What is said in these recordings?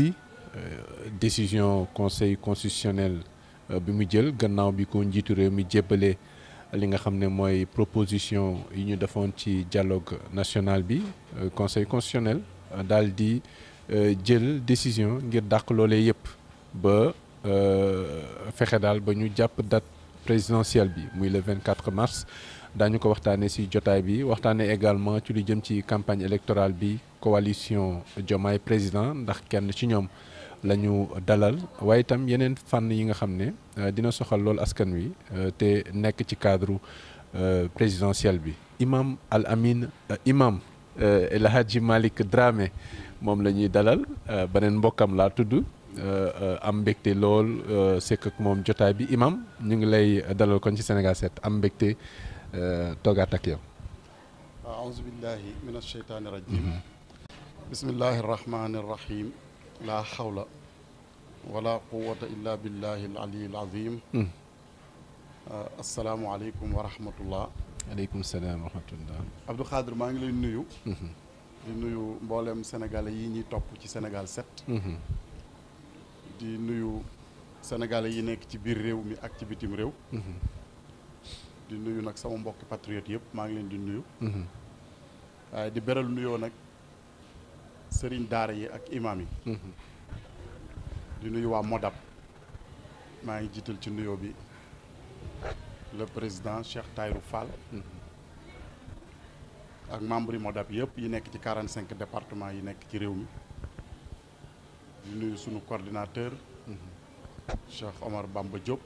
bi euh, décision conseil constitutionnel euh, bi mu jël gannaaw bi ko njiitu réew mi jébbalee li nga xam ne mooy proposition yi ñu defoon ci dialogue national bi euh, conseil constitutionnel daal di jël décision ngir dàq loolee yëpp ba fexe daal ba ñu jàpp date présidentielle bi muy le 24 mars daañu ko waxtaanee si jotaay bi waxtaanee également ci lu jëm ci campagne électorale bi coalition Diomaye président ndax kenn ci ñoom lañu dalal waaye itam yeneen fànn yi nga xam ne euh, dina soxal lool askan wi euh, te nekk ci cadre euh, présidentiel bi. imam al amin imam El Hadji Malick Dramé moom la ñuy dalal beneen mbokkam laa tudd. am mbégte lool sekk ak moom jotaay bi imam ñu ngi lay dalal kon ci Sénégal 7 am mbégte toogaat ak yow aouzu billahi min asheytaani rajim mhm. bismillahi arrahmani arrahim laa xawla wala quwata illa billahi alali alazim mhm. uh, asalaamualeykum wa rahmatullah aleykum salaam wa rahmatullah Abdou Khadre maa ngi lay nuyu mhm. di nuyu mboolem sénégalais yi ñuy topp ci Sénégal set di nuyu sénégalais yi nekk ci biir réew mi ak ci bitim réew di nuyu nag sama mbokki patriote yëpp maa ngi leen di nuyu mhm. waaye di beral nuyoo nag sëriñ daara yi ak imaam yi mhm. di nuyu waa Modab maa ngi jiital ci nuyoo bi le président Cheikh Tayrou Fall mhm. ak membre yi Modab yëpp yi nekk ci quarante cinq département yi nekk ci réew mi di nuyu sunu coordinateur Cheikh Omar Bamba Diop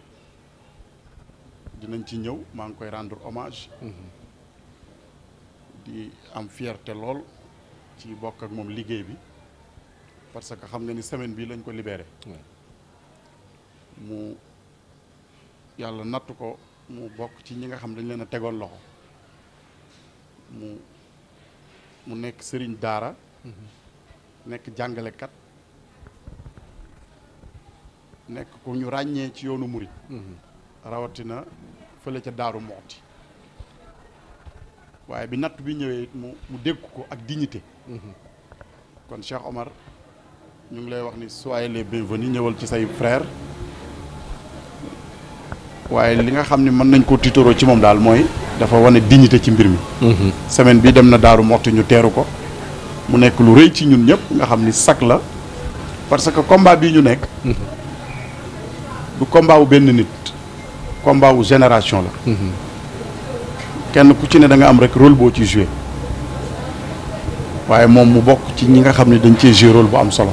dinañ ci ñëw maa ngi koy rendre hommage. Mhm. di am te lool ci bokk ak moom liggéey bi parce que xam nga ni semaine bii lañ ko libéré. mu yàlla natt ko mu bokk ci ñi nga xam dañ leen a tegoon loxo mu mu nekk sëriñ daara. Mhm. nekk jàngalekat. nekk ko ñu ràññee ci yoonu murit mhm. rawatina fële ca Daaru Moxti waaye bi natt bi ñëwee mu mu dégg ko ak dignité mhm. kon Cheikh Omar ñu ngi lay wax ni soyez les bienvenus ñëwal ci say frère waaye li nga xam ne mën nañ koo tiitaroo ci moom daal mooy dafa wane dignité ci mbir mi mhm. semaine bi dem na Daaru motti ñu teeru ko mu nekk lu rëy ci ñun ñëpp nga xam ni sac la parce que combat bi ñu nekk mhm. du combat benn nit comme baawu génération la. kenn ku ci ne da am rek rôle boo ci joué waaye moom mu bokk ci ñi nga xam ne dañ cee joué rôle bu am solo.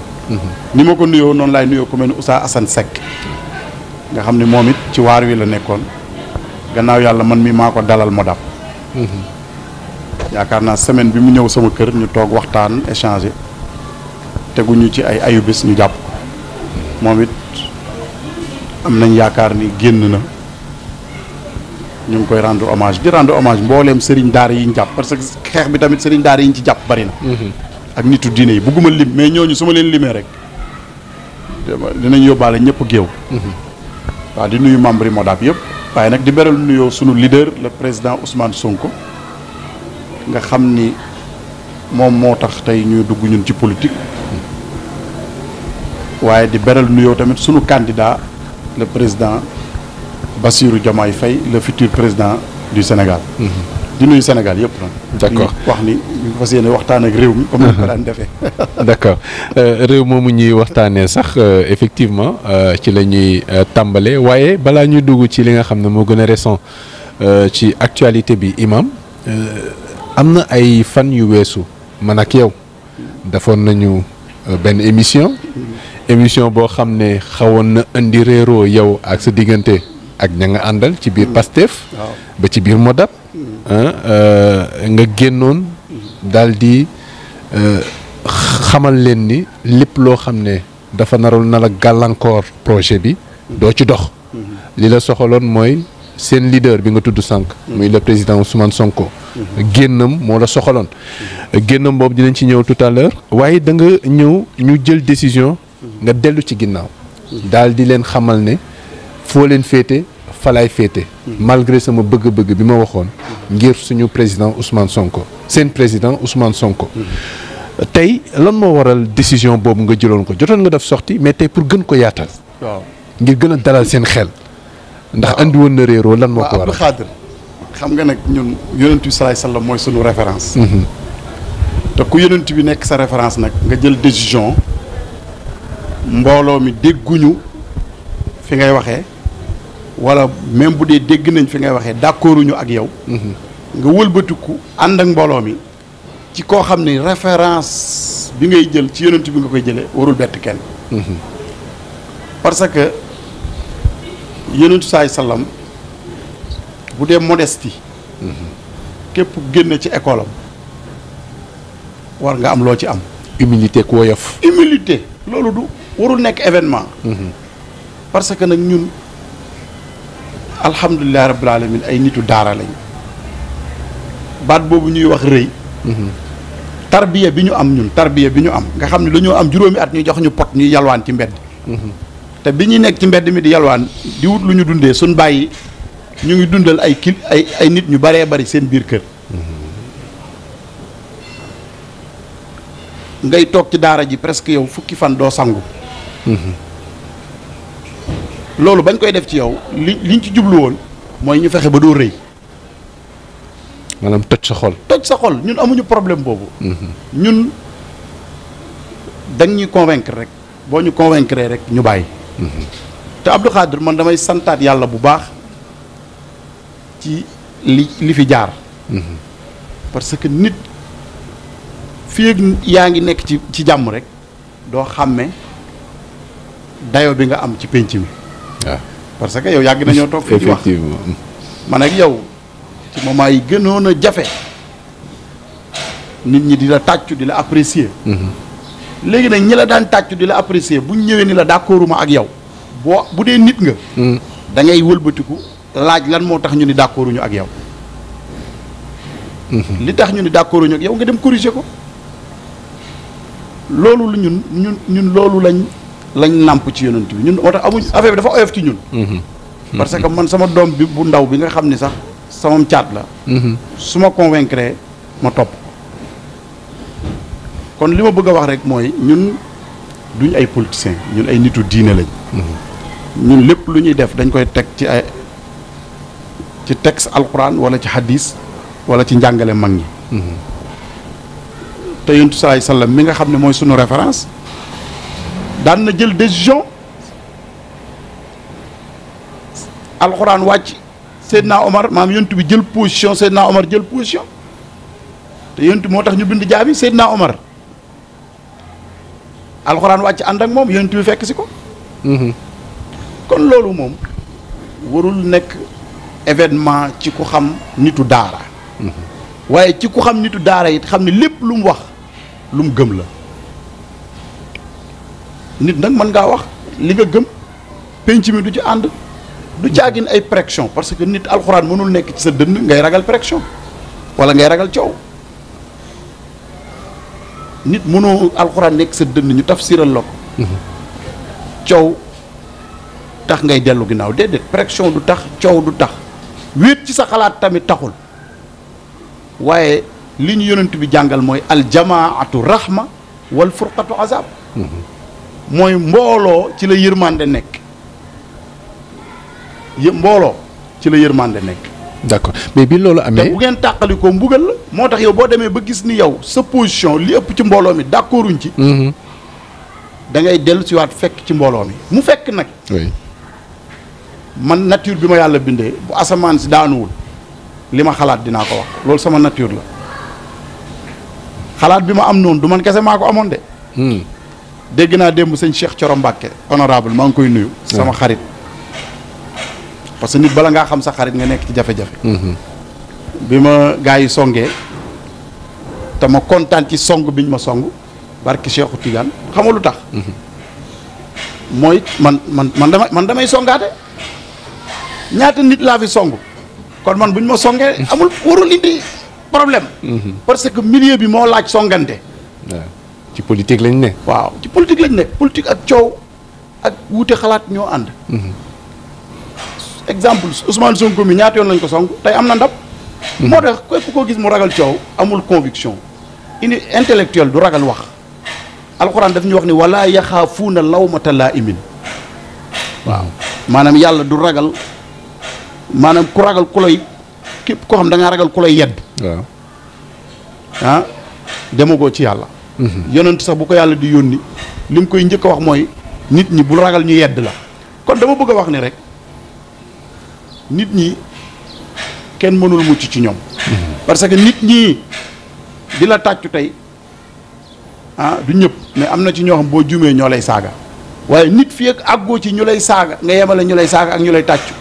ni ma ko nuyoo noonu laay nuyoo ku mel ni Oustaz Assane nga xam ne moom it ci waar wi la nekkoon gannaaw yàlla man mii maa ko dalal ma dab. yaakaar naa semaine bi mu ñëw sama kër ñu toog waxtaan échanger teguñu ci ay ayubés ñu jàpp moom it am nañ yaakaar ni génn na ñu ngi koy rendre hommage di rendre hommage mbooleem sëriñ daara yi ñu jàpp parce que xeex bi tamit sëriñ daar yi ñu ci jàpp bari na. Mhm. ak nitu diine yi bugguma lim mais ñooñu su ma leen limee rek dinañ yóbbaale ñëpp géew. Mhm. waaw di nuyu membre yi Modap yëpp. waaye nag di beral nuyoo suñu leader le président Ousmane Sonko nga xam ni moom moo tax tey ñuy dugg ñun ci politique waaye di beral nuyoo tamit suñu candidat le président. Bassirou Diomaye fay le futur président du Sénégal. Mhm. di Sénégal yëpp nag. d' accord wax ni ñu fas yéene waxtaan ak réew mi comme ni ko daan defee. d' accord euh, réew moomu ñuy waxtaanee sax euh, effectivement euh, ci la ñuy tàmbalee waaye balaa ñuy dugg ci li nga xam ne moo gën a récent ci actualité bi imam am na ay fan yu weesu man ak yow defoon nañu benn émission mm-hmm. émission boo xam ne xawoon na indi réeroo yow ak sa diggante. ak ña nga àndal ci biir mm. Pastef ba ci biir Modap mm. euh, nga génnoon dal di euh, xamal leen ni lépp loo xam ne dafa naroon nala gàllankoor projet bi mm. doo ci dox mm-hmm. li la soxaloon mooy seen leader bi nga tudd sànq mm-hmm. muy le président suman Sonko mm-hmm. génnam moo la soxaloon génnam boobu dinañ ci ñëw tout à l'heure waaye da nga ñëw ñu jël décision nga dellu ci ginnaaw daal di leen xamal ne foo leen féete falaay féete hmm. malgré sama bëgg-bëgg bi ma waxoon hmm. ngir suñu président Ousmane Sonko seen président Ousmane Sonko hmm. tey lan moo waral décision boobu nga jëloon ko jotoon nga def sorti mais tey pour gën ko yaatal waaw ngir gën a dalal seen xel ndax indi woon na réeroo lan moo ko waral xam nga nag ñun yonent bi salaay sallam mooy suñu référence mm-hmm. te ku yonent bi nekk sa référence nag nga jël décision mbooloo mi dégguñu fi ngay waxee wala même bu dee dégg nañ fi ngay waxee d'accorduñu ak yow mhm. nga wëlbatiku ànd ak mbooloo mi ci koo xam ni référence bi ngay jël ci yonent bi nga koy jëlee warul bett kenn mhm. parce que yonentu saay sallam bu dee modestie mhm. képp génne ci école am war nga am loo ci am humilité ku woyof humilité loolu du warul nekk événement parce que nag ñun alhamdulilah rabbil alamin ay nitu daara lañ baat boobu ñuy wax rëy mhm. tarbiya bi ñu am ñun tarbiya bi ñu am nga xam ne dañoo am juróomi at ñu jox ñu pot ñuy yalwaan ci mbedd mhm. te bi ñuy nekk ci mbedd mi di yalwaan di wut lu ñu dundee suñ bàyyi ñu ngi dundal ay kil ay ay nit ñu baree bari seen biir kër mhm. ngay toog ci daara ji presque yow fukki fan doo sangu loolu bañ koy def ci yow li liñ ci jublu woon mooy ñu fexe ba doo rëy. maanaam toj sa xol. toj sa xol ñun amuñu problème boobu. Mm-hmm. ñun dañ ñuy convaincre rek boo ñu convaincre rek ñu bàyyi. Mm-hmm. te Abdou Khadir man damay santaat yàlla bu baax ci li li fi jaar. Mm-hmm. parce que nit fii yaa ngi nekk ci ci jàmm rek doo xàmme dayo bi nga am ci pénc mi. waaw parce que yow yàgg nañoo toog fii wax effectivement man ak yow ci moment yi gënoon a jafe nit ñi di la tàccu di la apprécier. Mm-hmm. léegi nag ñi la daan tàccu di la apprécier bu ñëwee ni la d'accorduma ak yow boo bu dee nit nga. Mm. dangay ngay wëlbatiku laaj lan moo tax ñu ni d'accorduñu ak yow. Mm-hmm. li tax ñu ni d'accorduñu ak yow nga dem corriger ko. loolu la ñun ñun loolu lañ lañ nàmp ci yonent bi ñun moo tax amuñ affaire bi dafa oyof ci ñun. Mhm. Mhm. parce que man sama doom bi bu ndaw bi nga xam ni sax samam caat la. Mhm. su ma convaincre ma topp kon li ma bëgg a wax rek mooy ñun duñ ay politiciens ñun ay nitu diine lañ. ñun lépp lu ñuy def dañ koy teg ci ay ci texte alquran wala ci hadis wala ci njàngale mag ñi. te yonent salaay sallam mi nga xam ne mooy sunu référence. daan na jël décision alxuraan wàcc Seydina Omar maam yontu bi jël position Seydina Omar jël position te yontu moo tax ñu bind jaabi Seydina Omar alxuraan wàcc ànd ak moom yontu bi fekk si ko. Mhm. kon loolu moom warul nekk événement ci ku xam nitu daara. Mhm. waaye ci ku xam nitu daara it xam ni lépp lu mu wax lu mu gëm la. nit nag mën ngaa wax li nga gëm penc mi du ci ànd du jàggin ay pression parce que nit alxuraan mënul nekk ci sa dënn ngay ragal pression wala ngay ragal coow nit mënoo alxuraan nekk sa dënn ñu tafsiral la ko coow tax ngay dellu ginnaaw déedéet pression du tax coow du tax wéet ci sa xalaat tamit taxul waaye li ñu yonent bi jàngal mooy aljamaatu rahma wal furqatu azab mhm. mooy mbooloo ci la yërmande nekk yë mbooloo ci la yërmande nekk. d'accord mais bii loolu amee. te bu ngeen tàqali ko mbugal la. moo tax yow boo demee ba gis ni yow sa position li ëpp ci mbooloo mi d'accorduñ ci. Mm-hmm. da ngay dellu si waat fekk ci mbooloo mi mu fekk nag. man nature bi ma yàlla bindee bu asamaan si daanuwul li ma xalaat dinaa ko wax loolu sama nature la xalaat bi ma am noonu du man kese maa ko amoon de. Mm. dégg naa démb sëñ Cheikh Thioro Mbacke honorable maa ngi koy nuyu. sama xarit parce que nit bala ngaa xam sa xarit nga nekk ci jafe-jafe. Mm-hmm. bi ma gaa yi songee te ma kontaan ci song biñ ma song barki Cheikhu Tidiane xam nga lu tax. Mm-hmm. mooy man man man damay man damay songaate ñaata nit laa fi song kon man buñ ma songee amul warul indi problème. Mm-hmm. parce que milieu bi moo laaj songante. ci politique lañ ne. waaw ci politique lañ ne politique ak coow ak wuute xalaat ñoo ànd. Mhm. exemple Ousmane Sonko mi ñaata yoon lañ ko song tey am na ndab mhm. moo tax ko koo gis mu ragal coow amul conviction ini intellectuel du ragal wax alxuraan daf ñuy wax ni wala yaxaafuuna lawmata laa'imin waaw maanaam yàlla du ragal maanaam ku ragal ku lay képp koo xam da ngaa ragal ku lay yedd. waaw ah, demagoo ci yàlla. yonent sax bu ko yàlla di yónni li mu koy njëkk a wax mooy nit ñi bu ragal ñu yedd la kon dama bëgg wax ni rek nit ñi kenn mënul mucc ci ñoom parce que nit ñi di la tàccu tey ah du ñëpp mais am na ci ñoo xam boo juumee ñoo lay saaga waaye nit fi ak àggoo ci ñu lay saaga nga yemale ñu lay saaga ak ñu lay tàccu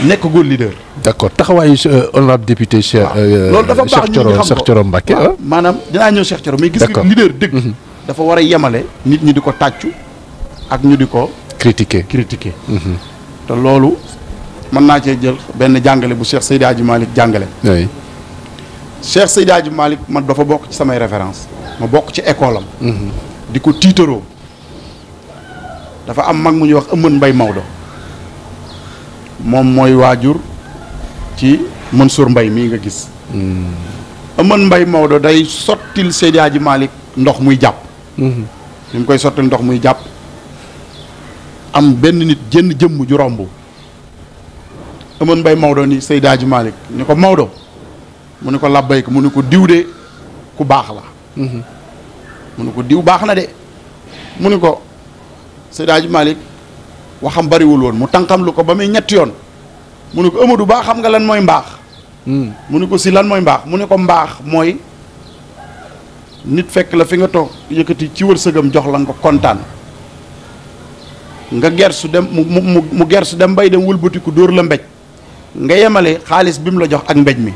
nekk góor leader. d' accord taxawaayu euh, honorable député. waaw ah. euh, loolu dafa baax ñu xam ko Cheikh Thioro Mbacké ah. maanaam dinaa ñëw Cheikh Thioro mais gis nga leader dëgg. Mhm. dafa war a yemale. nit ñi di ko tàccu ak ñu di ko. critiquer critiquer. Mhm. te loolu mën naa cee jël benn jàngale bu Cheikh Seydi Hadji Malick jàngale. oui Cheikh Seydi Hadji Malick man dafa bokk ci samay référence ma bokk ci école am. Mhm. di ko tiitaroo. dafa am mag mu ñuy wax Ëmën Mbay Maodo. moom mooy waajur ci mën Mansour mbay mii nga gis Aman mbay Maodo day sottil Seydi Hadji Malick ndox muy jàpp li mhm. mu koy sottil ndox muy jàpp am benn nit jënn jëmm ju romb Aman Mbaye Maodo ni Seydi Hadji Malick ni ko Maodo mu ni ko làbbayk mu ni ko diw de ku baax la mhm. mu ni ko diw baax na de mu ni ko Seydi Hadji Malick waxam bariwul woon mu tànqam lu ko ba muy ñetti yoon mu ne ko Amadou Ba xam nga lan mooy mbaax hmm. mu ne ko si lan mooy mbaax mu ne ko mbaax mooy nit fekk la fi nga toog yëkkati ci wër wërsëgam jox la nga kontaan nga gersu dem mu mu mu gersu dem bay dem ku dóor la mbéj nga yemale xaalis bi mu la jox ak mbéj mi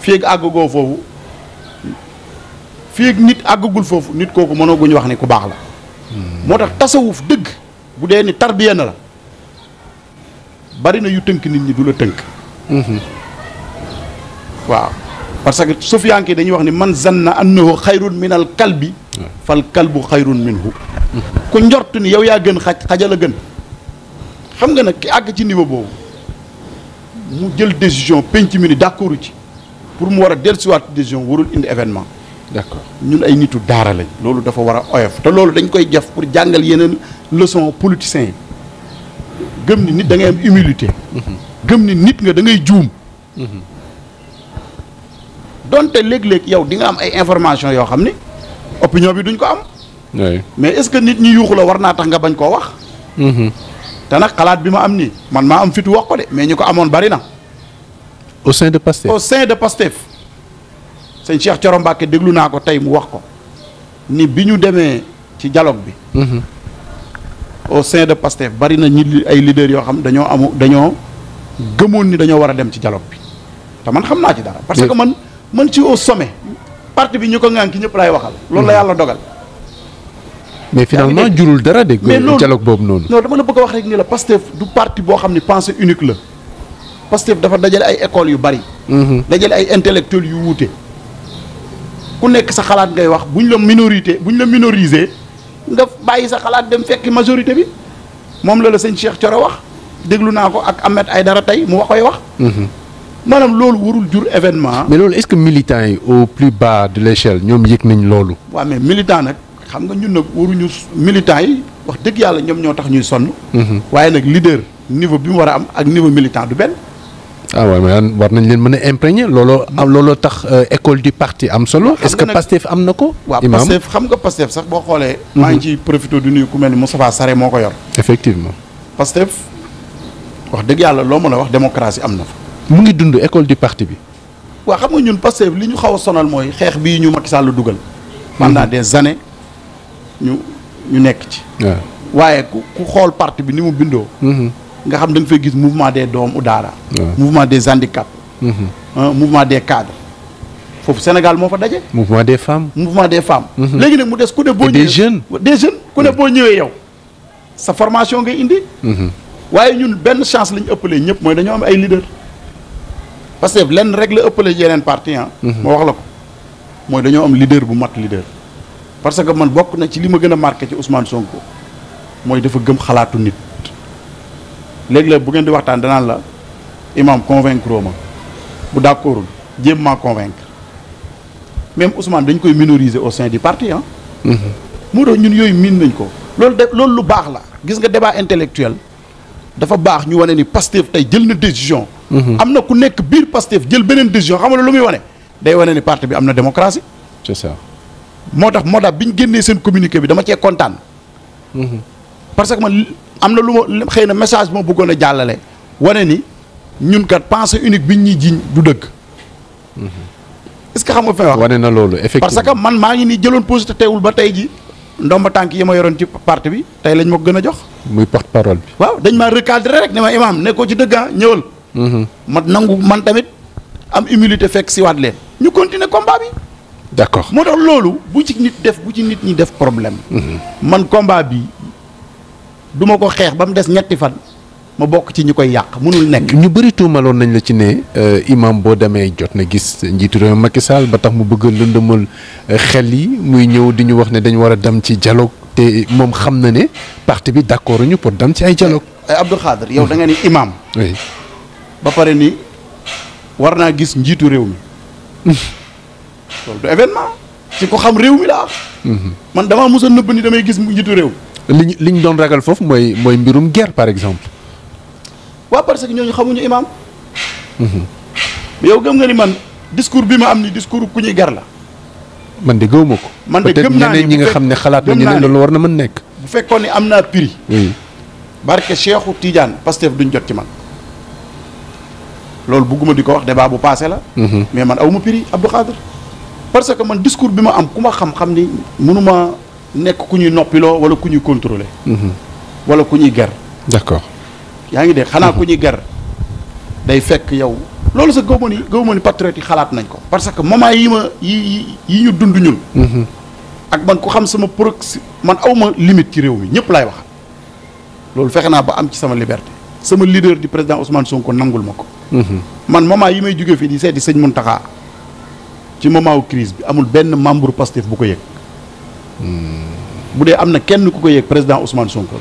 fii ak àggagoo foofu fii ak nit àggagul foofu nit kooku mënoo guñu wax ni ku baax la hmm. moo tax tasawuf dëgg bu dee ni tarbiya na la bari na yu tënk nit ñi du la tënk mhm. waaw parce que sufyanke dañuy wax ni man zanna annahu xayrun min al kalbi fal kalbu xayrun minhu mhm. ku njort ni yow yaa gën xaj xajal a gën xam nga nag ki àgg ci niveau boobu mu jël décision penc mi ni d'accord ci pour mu war a dellusiwaat décision warul indi événement d'accord ñun ay nitu daara lañ loolu dafa war a oyof te loolu dañ koy jëf pour jàngal yeneen leçon politiciens yi gëm ni nit da ngay am humilité gëm ni nit nga da ngay juum donte léeg-léeg yow di nga am ay information yoo xam ni opinion bi duñ ko am mais est-ce que nit ñi yuuxu la war naa tax nga bañ koo wax mm-hmm. te nag xalaat bi ma am nii man maa am fitu wax ko de mais ñu ko amoon bari na au sein de Pastef au sein de Pastef sëñ Cheikh Thioro Mbacke déglu naa ko tey mu wax ko ni bi ñu demee ci dialogue bi. Mhm. au sein de Pastef bari na ñi ay leaders yoo xam dañoo amul dañoo gëmoon ni dañoo war a dem ci dialogue bi te man xam naa ci dara. parce que man man ci au sommet. parti bi ñu ko ŋànk ñëpp laay waxal. loolu la mhm. yàlla dogal. mais finalement jurul dara de. mais loolu dialogue boobu noonu. non dama la bëgg a wax rek ni la Pastef du parti boo xam ni pensée unique la Pastef dafa dajale ay écoles yu bari. Mhm. dajale ay intellectuels yu wuute. ku nekk sa xalaat ngay wax bu ñu la minorité buñ la minoriser nga bàyyi sa xalaat dem fekki majorité bi moom la la sëñ Cheikh Thioro wax déglu naa ko ak ay dara tey mu wax koy wax. Mhm. maanaam loolu warul jur événement. mais loolu est-ce yi au plus bas de l'échelle ñoom yëg nañ loolu. waaw amee militant nag xam nga ñun nag waruñu militants yi wax dëgg yàlla ñoom ñoo tax ñuy sonn. Mhm. waaye nag leader niveau bi mu war a am ak niveau militan du benn. ah waaw mais war nañ leen mën a imprégner looloo am looloo tax euh, école du parti am solo. est-ce que Pastef am na ko. waaw Pastef xam nga Pastef sax boo xoolee. Mhm. maa ngi ciy profité du nuyu ku mel ni Moustapha Sarré moo ko yor. effectivement Pastef wax dëgg yàlla loo mën a wax démocratie am na fa. mu ngi dund école du parti bi. waa xam nga ñun Pastef li ñu xaw a sonal mooy xeex bii ñu Macky Sall dugal. man mhm. naa des années ñu ñu nekk ci. waaye ku ku xool parti bi ni mu bindoo. Mhm. nga xam da nga fay gis mouvement des doomu daara. mouvement des handicaps. Mhm. mouvement des cadres. foofu Sénégal moo fa daje. mouvement des femmes. mouvement des femmes. Mhm. léegi nag mu des ku ne boo. ñëwee des jeunes. des jeunes ku ne boo ñëwee yow sa formation nga indi. Mhm. waaye ñun benn chance la ñu ëppalee ñëpp mooy dañoo am ay leaders. parce que lenn rek la ëppalee yeneen parti ah. moo wax la ko mooy dañoo am leader bu mat leader. parce que man bokk na ci li ma gën a marqué ci Ousmane Sonko mooy dafa gëm xalaatu nit. léeg-léeg bu ngeen di waxtaan danaan la imam convaincre ma bu d'accordul jéem maa convaincre même Ousmane dañ koy minoriser au sein du parti ah moo tax ñun yooyu miin nañ ko loolu de loolu lu baax la gis nga débat intellectuel dafa baax ñu wane ni Pastef tey jël na décision mhm. am na ku nekk biir Pastef jël beneen décision xam nga lu muy wane day wane ni parti bi am na démocratie c'est moo tax moo tax bi ñu génnee seen communiqué bi dama cee kontaan mhm. parce que man am na lu ma xëy na message moo bëggoon a jàllale wane ni ñun kat pensée unique biñ ñuy jiiñ du dëgg. Mm-hmm. est-ce que xam nga fi may wax. wane na loolu effectivement parce que man maa ngi nii jëloon pause te teewul ba tey ji ndomba tànk yi ma yoroon ci parti bi tey lañ ma gën a jox. muy porte parole bi. waaw dañ maa recadré rek ne ma imaam nekkoo ci dëggaa ah, ñëwal. Mm-hmm. ma nangu man tamit am humilité fekk si waat leen. ñu continuer combat bi. d'accord moo tax loolu bu ci nit def bu ci nit ñi def problème. Mm-hmm. man duma ko xeex ba mu des ñetti fan ma bokk ci ñi koy yàq mënul nekk. ñu bëri tuumaloon nañu la ci ne euh, imam boo demee jot na gis njiitu réew Macky Sall ba tax mu bëgg a lëndëmal euh, xel yi muy ñëw di ñu wax ne dañu war a dem ci dialogue te moom xam na ne parti bi d'accord ñu pour dem ci ay dialogue. Eh, Abdou Khadre yow da nga imaam imam. ba pare ni war naa gis njiitu réew mi. Mhm. loolu du événement. ci ko xam réew mi laa. Mhm. man damaa mos a nëbb ni damay gis njiitu réew. liñ li ñu doon ragal foofu mooy mooy mbirum ger par exemple. waaw parce que ñooñu xamuñu imaam. Mhm. yow gëm nga ni man discours bi ma am ni discours ku ñuy la. man de gëwuma ko. man de gëm naa ñeneen ñi xam ne xalaat war na mën nekk. bu fekkoon ne am naa prix. oui barke Cheikhou Tidiane Pastef duñ jot ci man. loolu bugguma di ko wax débat bu passé la. Mhm. mais man awma prix Abdou Khadir parce que man discours bi ma am ku ma xam-xam ni mënuma nekk ku ñuy noppiloo wala ku ñuy contrôler mhm. wala ku ñuy ger d'accord yaa ngi dégg xanaa mhm. ku ñuy ger day fekk yow loolu sax gaw ma ni ma ni patriote yi xalaat nañ ko parce que moment yi ma yi yi ñu dund ñun mhm. ak man ku xam sama proxi man awma limite ci réew mi ñëpp laay waxal loolu fexe naa ba am ci sama liberté sama leader di président Ousmane Sonko nangul ma ko man moment yi may jóge fii di seeti sëñ Mountakha ci moment wu crise bi amul benn membre Pastef bu ko yëg hmm. bu dee am na kenn ku ko yëg président Ousmane Sonko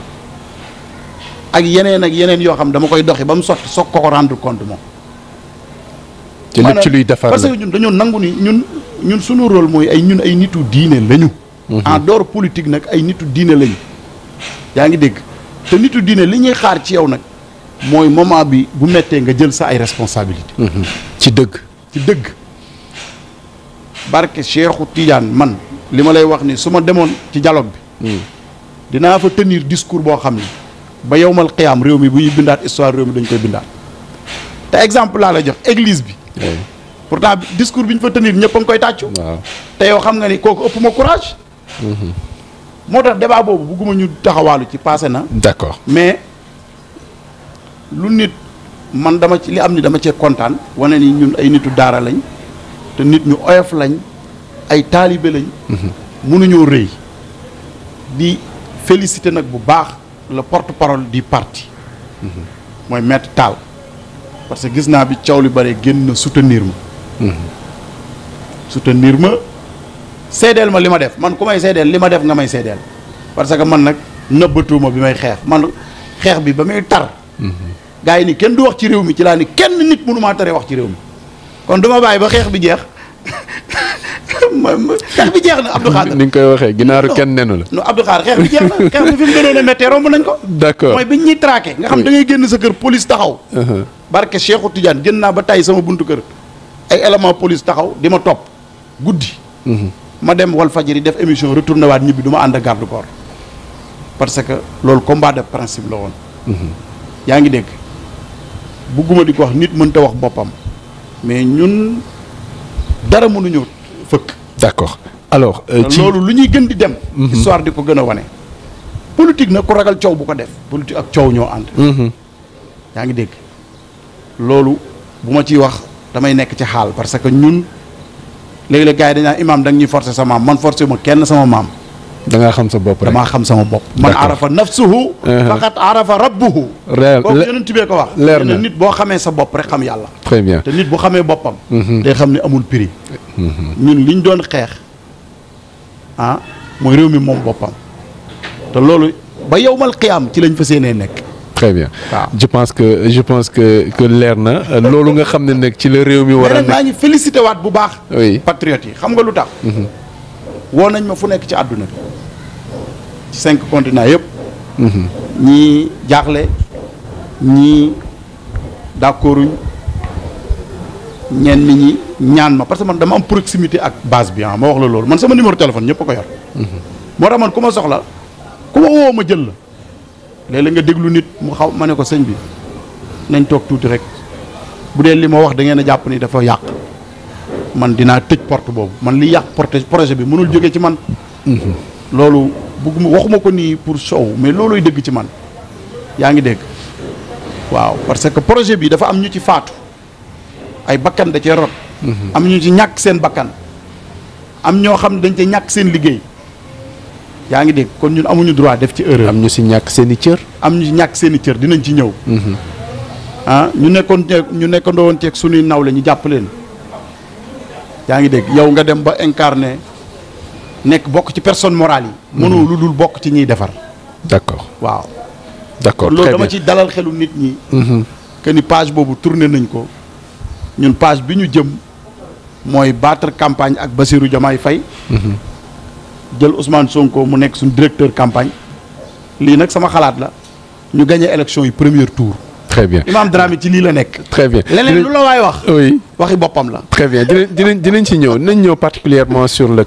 ak yeneen ak yeneen yoo xam dama koy doxi ba mu sotti soog ko ko rendre compte moom. te lépp luy defar parce ñun dañoo nangu ni ñun ñun suñu rôle mooy ay ñun ay nitu diine lañu. Mhm. en dehors politique nag ay nitu diine lañu. yaa ngi dégg te nitu diine li ñuy xaar ci yow nag mooy moment bi bu mettee nga jël sa ay responsabilité mhm. ci dëgg ci dëgg. barke Cheikhou Tidiane man li ma lay wax ni su ma demoon ci dialogue bi. dinaa fa tenir discours boo xam ne ba yowmal xiyaam réew mi bu ñuy bindaat histoire réew mi dañ koy bindaat te exemple laa lay jox eglise bi. pour pourtant discours bi ñu fa tenir ñëpp a koy tàccu. te yow xam nga ni kooku ëpp ma courage. Mhm. moo tax débat boobu bugguma ñu taxawaalu ci passé na. d'accord mais lu nit man dama ci li am ni dama cee kontaan. wane ni ñun ay nitu daara lañ te nit ñu oyof lañ ay taalibe lañ. mënuñoo mhm. rëy. di félicité nag bu baax la porte-parole di parti mooy maître Tall parce que gis naa bi coow li bare génn na soutenir ma soutenir ma seedeel ma li ma def man ku may seedeel li ma def nga may seedeel parce que man nag nëbbatuuma bi may xeex man xeex bi ba muy tar gaa yi ni kenn du wax ci réew mi ci laa ni kenn nit mënu maa tere wax ci réew mi kon duma bàyyi ba xeex bi jeex xeex bi jeex na Abdou Khadre ni nga koy waxee ginaaru kenn nenu la non Abdou Khadre xeex bi jeex na xeex bi fi mu gënoon a méttee romb nañ ko d'accord mooy bi ñuy traqué nga xam da génn sa kër police taxaw uh-huh. barke Cheikhou Tidiane génn naa ba tey sama buntu kër ay élément police taxaw di ma topp guddi uh-huh. ma dem wal fajiri def émission retourné waat ñibbi du ma ànd ak garde corps parce que loolu combat de principe la woon uh-huh. yaa ngi dégg bugguma di ko wax nit mënta wax boppam dara mënuñu fëkk. d'accord alors. Euh, ci loolu lu ñuy gën di dem. Mhm. histoire di ko gën a wane. politique na ku ragal coow bu ko def. politique ak coow ñoo ànd. Mhm. yaa ngi dégg loolu bu ma ciy wax damay nekk ci xaal parce que ñun léeg-léeg gars yi dañ naan imaam ñuy force sa maam man forcer ma kenn sama maam. da ngaa xam sa bopp rek damaa xam sama bopp. man arafa nafsuhu uh-huh. faqat arafa rabbuhu. réel boobu yonent bee ko wax. leer na nit boo xamee sa bopp rek xam yàlla. très bien te nit bu xamee boppam. Uh-huh. day xam ni amul prix. Uh-huh. ñun liñ doon xeex ah mooy réew mi moom boppam te loolu ba yow yowmal qiyaam ci lañ fa seenee nekk. très bien je pense que je pense que que leer na loolu nga xam ne nag ci la réew mi. war a nekk maa ngi félicité waat bu baax. oui yi xam nga lu tax. Mm-hmm. woo nañ ma fu nekk ci àdduna ci cinq continents yëpp. ñii jaaxle ñii ñeen ñenn ñi ñaan ma parce que man dama am proximité ak base bi ah ma wax la loolu man sama numéro téléphone ñëpp a ko yor. moo tax man ku ma soxla ku ma woo ma jël la léeg-léeg nga déglu nit mu xaw ma ne ko sëñ bi nañ toog tuuti rek bu dee li ma wax dangeen ngeen a jàpp nii dafa yàq man dinaa tëj porte boobu man li yàq porte projet bi mënul jóge ci man. Mhm. loolu. bugguma waxuma ko nii pour sow mais loolooy dëgg ci man yaa ngi dégg waaw parce que projet bi dafa am ñu ci faatu ay bakkan da cee rot mhm. am ñu ci ñàkk seen bakkan am ñoo xam ne dañ ci ñàkk seen liggéey yaa ngi dégg kon ñun amuñu droit def ci erreur. am ñu si ñàkk seen cër. am ñu ñàkk seen i cër dinañ ci ñëw. Mhm. ah ñu nekkoon ñu nekkandoo ceeg suñuy naw la ñu jàpp leen. yaa ngi dégg yow nga dem ba incarné nekk bokk ci personne morale yi. Mhm. mënoo lu dul bokk ci ñuy defar. d'accord waaw. d'accord loolu dama ci dalal xelu nit ñi. Mhm. que ni page boobu tourné nañ ko ñun page bi ñu jëm mooy battre campagne ak Bassirou Diomaye Faye. Mhm. jël Ousmane ko mu nekk suñu directeur campagne lii nag sama xalaat la ñu gagné élection yi premier tour. très bien Imam Dramé ci lii la nekk. très bien leneen lu la waay wax. oui waxi boppam la. très bien dinañ dinañ dinañ ci ñëw dinañ ñëw particulièrement sur le.